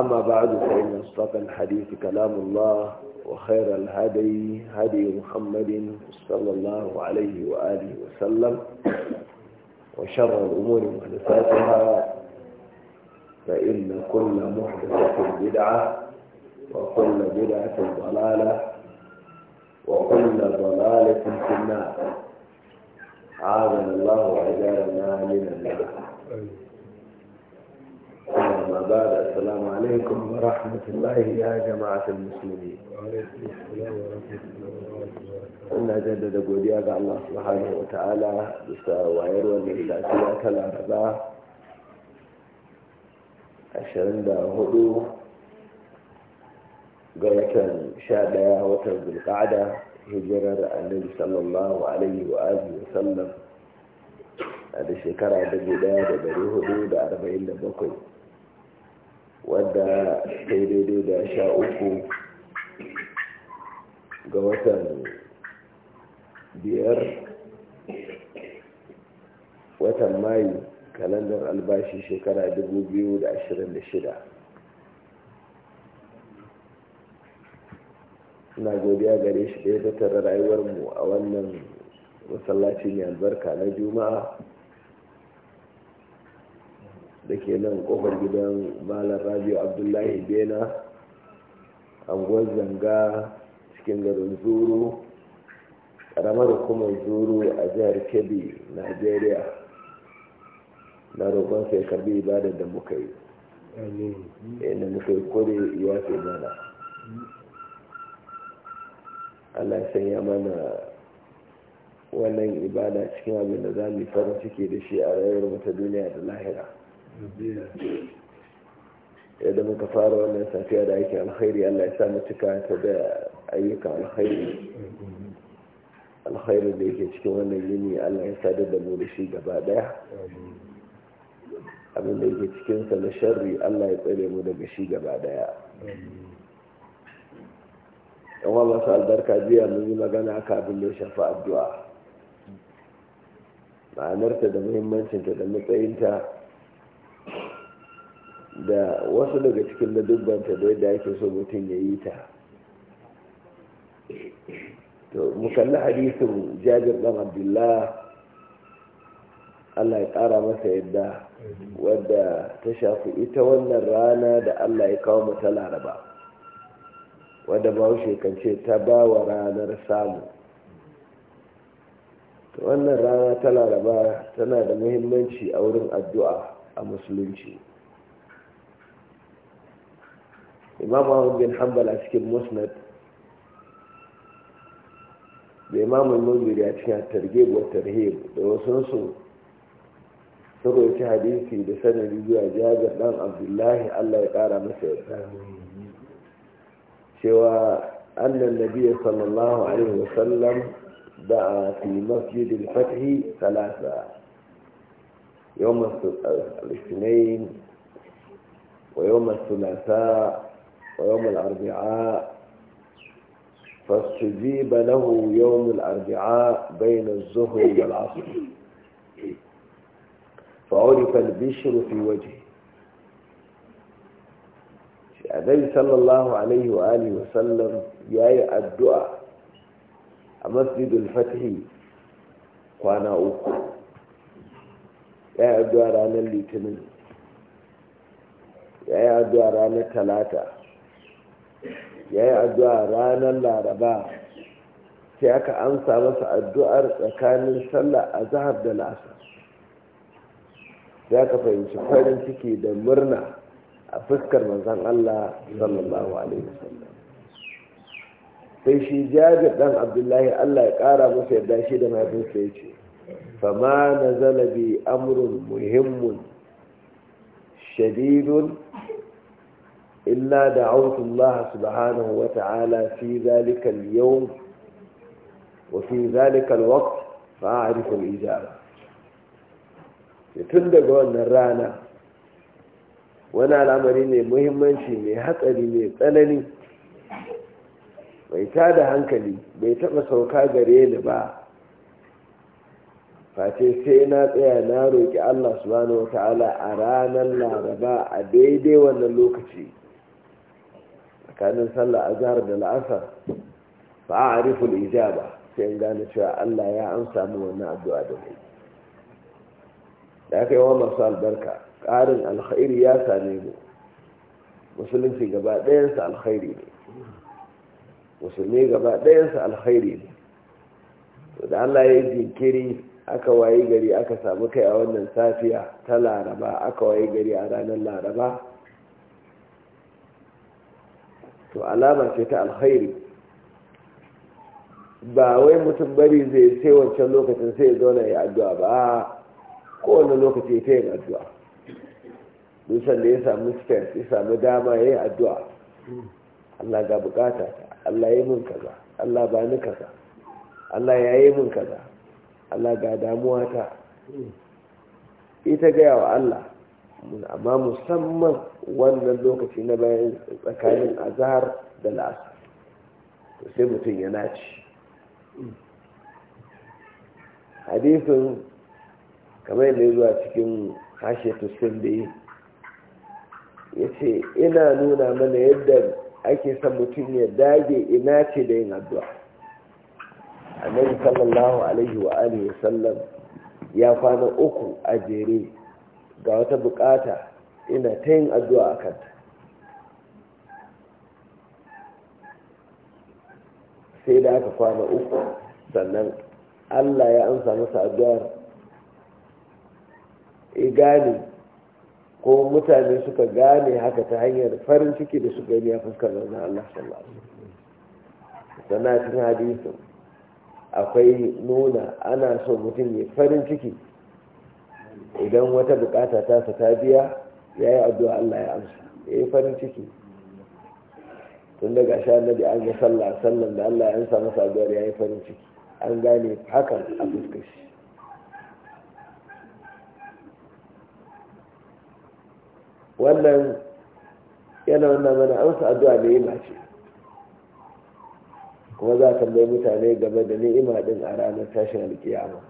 أما بعد فإن أصدق الحديث كلام الله وخير الهدي هدي محمد صلى الله عليه وآله وسلم وشر الأمور محدثاتها فإن كل محدثة بدعة وكل بدعة ضلالة وكل ضلالة في النار عاذنا الله وعجالنا من النار أما بعد السلام عليكم rahmatullahi الله jama'a جماعة المسلمين ina jaddada godiya ga Allah subhanahu wa ta'ala bisa wayar wannan safiya ta laraba 24 ga watan 11 watan zulqa'ada hijirar annabi sallallahu alaihi wa sallam a da shekara 1447 wadda ta yi daidai da sha uku ga watan biyar watan mayu kalandar albashi shekara 2026 na godiya gare shi da ya tattara rayuwarmu a wannan masallacin mai albarka na juma'a da ke nan kofar gidan malar radio abdullahi bena anguwar zanga cikin garin zuru ƙaramar kuma zuru a jihar kebbi nigeria na roƙon sai karbi ibadar da muka yi inda muka yi kore ya mana allah sanya mana wannan ibada cikin abin da za mu farin ciki da shi a rayuwar mata duniya da lahira yadda muka fara wannan safiya da ake alkhairi Allah ya sa cika ta da ayyuka alkhairi alkhairi da yake cikin wannan yini Allah ya sadar da mu da shi gaba daya abin da yake cikin sa na sharri Allah ya tsare mu daga shi gaba daya yawa masu albarka jiya mun yi magana aka abin da ya shafi addu'a ma'anarta da muhimmancinta da matsayinta da wasu daga cikin ladubbanta da yadda ake so mutum ya yi ta to mukalli hadisin jabir dan abdullah Allah ya ƙara masa yadda wadda ta shafi ita wannan rana da Allah ya kawo mata laraba wadda bahaushe kan ce ta ba wa ranar samu wannan rana ta laraba tana da muhimmanci a wurin addu'a a musulunci imam ahmad bin hanbal a cikin musnad da imam al-munziri a cikin targhib wa tarhib da wasu su sun hadisi da sanadi zuwa jabir dan abdullahi Allah ya kara masa yarda cewa annan nabiyyi sallallahu alaihi wasallam a fi masjid al-fath thalatha wa yau masu الثلاثاء ويوم الأربعاء فاستجيب له يوم الأربعاء بين الظهر والعصر فعرف البشر في وجهه النبي صلى الله عليه وآله وسلم يا الدعاء مسجد الفتح وانا أوكو يا الدعاء رانا الليتنين يا الدعاء رانا ثلاثة ya yi addu'a ranar laraba sai aka amsa masa addu'ar tsakanin sallah a zahar da lasa za ka fahimci farin ciki da murna a fuskar manzan Allah sallallahu alaihi wasallam sai shi jabir dan abdullahi Allah ya kara masa yadda shi da mahaifinsa ya ce fama na zalabi amurin muhimmin shadidun إلا دعوت الله سبحانه وتعالى في ذلك اليوم وفي ذلك الوقت فأعرف الإجابة يتندق أن الرانا وانا الأمرين مهمان mai مهتري مهتلني bai ta da hankali bai taɓa sauka gare ni ba face sai na tsaya na roƙi allah subhanahu a ranar laraba a daidai wannan lokaci tsakanin sallah a azhar da la'asar fa a al-ijaba sai in gane cewa Allah ya amsa mu wannan addu'a da kai da aka yi wa masu albarka ƙarin alkhairi ya same mu musulunci gaba ɗayansa alkhairi ne musulmi gaba ɗayansa alkhairi ne to da Allah ya yi jinkiri aka wayi gari aka samu kai a wannan safiya ta laraba aka wayi gari a ranar laraba to alama ce ta alkhairi ba wai mutum bari zai sai wancan lokacin sai ya zauna ya addu'a ba kowane lokaci ta yin addu'a dusan da ya samu stress ya samu dama ya yi addu'a Allah ga bukata Allah ya yi mun kaza Allah ba ni kaza Allah ya yi mun kaza Allah ga damuwa ta ita gaya wa Allah amma musamman wannan lokaci na bayan tsakanin azhar da la'asar sai mutum ya naci hadisin kamar yadda zuwa cikin hashe tuskin da ya ce ina nuna mana yadda ake son mutum ya dage ina ce da yin addu'a annabi sallallahu alaihi wa alihi wasallam ya kwana uku a jere ga wata bukata ina ta yin addu'a a kanta sai da aka kwana uku sannan allah ya amsa masa addu'ar e, gane ko mutane suka gane haka ta hanyar farin ciki da suka yi a fuskar wannan allah sallallahu alaihi sannan cikin hadisin akwai nuna ana so mutum ya farin ciki idan wata bukata ta su ta biya ya yi addu'a Allah ya amsa ya yi farin ciki tun daga sha annabi an ga sallah sallan da Allah ya amsa masa addu'ar ya yi farin ciki an gane hakan a fuskar shi wannan yana wannan mana amsa addu'a ne yi ce kuma za a tambayi mutane game da ni'ima din a ranar tashin alkiyama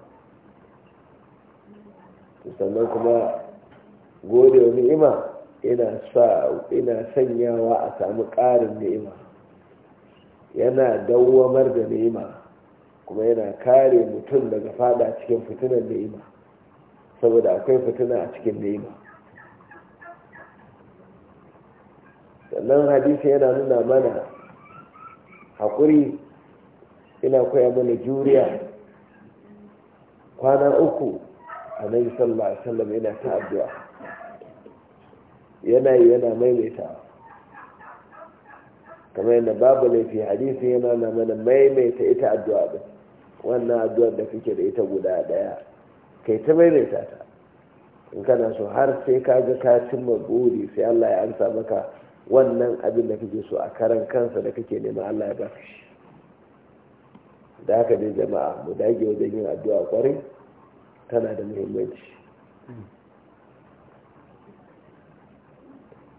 sannan kuma gode wa ni'ima ina sanyawa a samu ƙarin ni'ima yana dawwamar da ni'ima kuma yana kare mutum daga fada cikin fitinan ni'ima saboda akwai fitina a cikin ni'ima sannan hadisi yana nuna mana haƙuri ina koya mana juriya kwana uku annabi sallallahu alaihi wasallam yana ta addu'a yana yana maimaitawa kamar yadda babu fi hadisi yana na mana maimaita ita addu'a din wannan addu'ar da kake da ita guda daya kai ta maimaita ta in kana so har sai ka ga ka cimma buri sai Allah ya amsa maka wannan abin da kake so a karan kansa da kake nema Allah ya baka shi da haka dai jama'a mu dage wajen yin addu'a kwarai tana da muhimmanci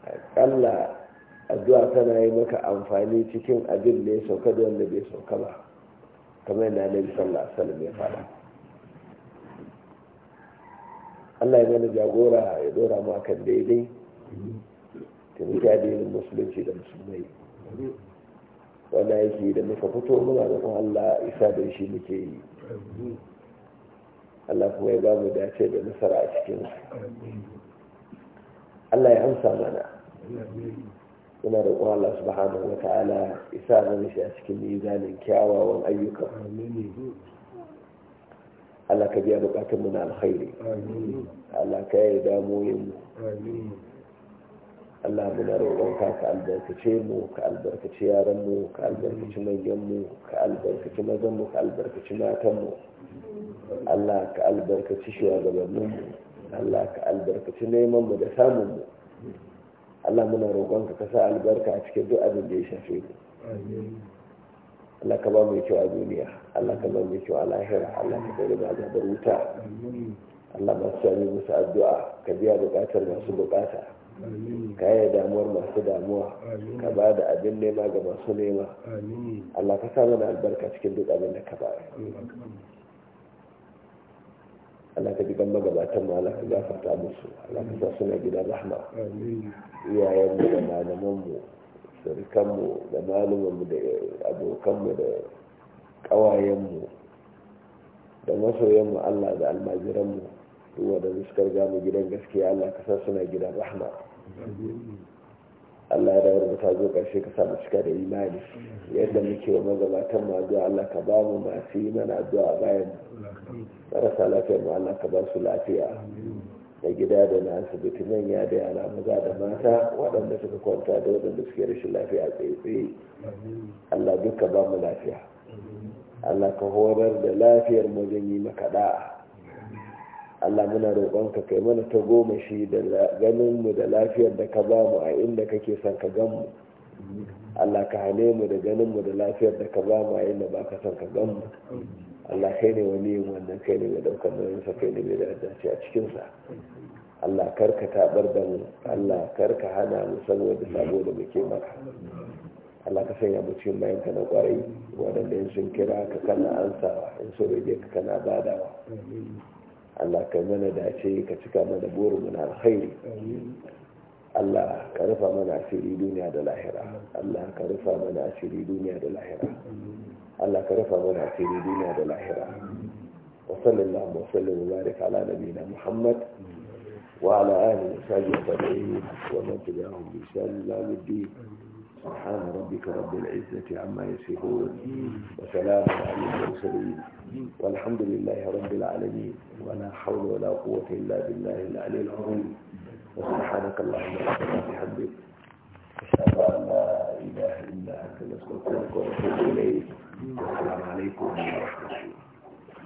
akalla addu'a tana yi maka amfani cikin abin da ya sauka da wanda bai sauka ba kamar yana nabi sallah, alaihi wasallam ya fada Allah ya mana jagora ya dora mu akan daidai da addinin musulunci da musulmai wannan yake da muka fito muna da Allah isa da shi muke yi Allah kuma ya ba mu dace da nasara a cikin Allah ya amsa mana Ina da kuma Allah subhanahu wa ta'ala isa mana shi a cikin mizanin kyawawan ayyuka Allah ka biya bukatun mu na alkhairi Allah ka yi damoyin mu Allah muna roƙonka ka albarkace mu ka albarkace yaran mu ka albarkaci manyan mu ka albarkaci mazan mu ka albarkaci matan mu Allah ka albarkaci shugabanninmu Allah ka albarkaci nemanmu da samunmu Allah muna roƙonka ka sa albarka a cikin duk abin da ya shafe mu Allah ka ba mu kyau a duniya Allah ka ba mu kyau a lahira Allah ka bari ba da wuta Allah masu sami musu addu'a ka biya buƙatar masu buƙata ka yi damuwar masu damuwa ka ba da abin nema ga masu nema Allah ka sa mana albarka cikin duk abin da ka ba Allah ka jikan magabatan ma Allah ka gafarta musu Allah ka sa suna gidan rahma iyayenmu da malamanmu mu da mu da mu da ƙawayenmu da mu Allah da almajiran mu duk wanda suka ga mu gidan gaskiya Allah ka sa suna gidan rahma Allah ya rawar da ta zo ƙarshe ka samu cika da imani yadda muke wa magabatan ma zuwa Allah ka ba mu masu yi mana zuwa bayan marasa lafiyar mu Allah ka ba su lafiya da gida da na asibiti manya da yara maza da mata waɗanda suka kwanta da waɗanda suke rashin lafiya tsaye-tsaye Allah duka ba mu lafiya Allah ka horar da lafiyar mu zan yi maka da'a Allah muna roƙonka kai mana ta goma shi da ganinmu da lafiyar da ka ba mu a inda kake son ka gan mu Allah ka hane mu da ganinmu da lafiyar da ka ba mu a inda ba ka son ka gan mu Allah kai ne wani yin wannan kai ne mai ɗaukar nauyinsa kai ne mai darajaci a cikinsa Allah karka tabar da mu Allah karka hana mu saboda sabo da muke maka Allah ka sanya mu cikin bayan ka na kwarai waɗanda yin sun kira ka kana ansawa in sun rage ka kana badawa Allah ka mana dace ka cika mana burin mu na alkhairi Allah ka rufa mana asiri duniya da lahira Allah ka rufa mana asiri duniya da lahira Allah ka rufa mana asiri duniya da lahira wa sallallahu wa sallam wa barik ala nabiyina Muhammad wa ala alihi wa sahbihi wa man tabi'ahum bi ihsan ila yawm سبحان ربك رب العزة عما يصفون وسلام على المرسلين والحمد لله رب العالمين ولا حول ولا قوة إلا بالله العلي العظيم وسبحانك اللهم ربنا بحمدك أشهد أن لا إله إلا أنت نستغفرك ونتوب إليك والسلام عليكم ورحمة الله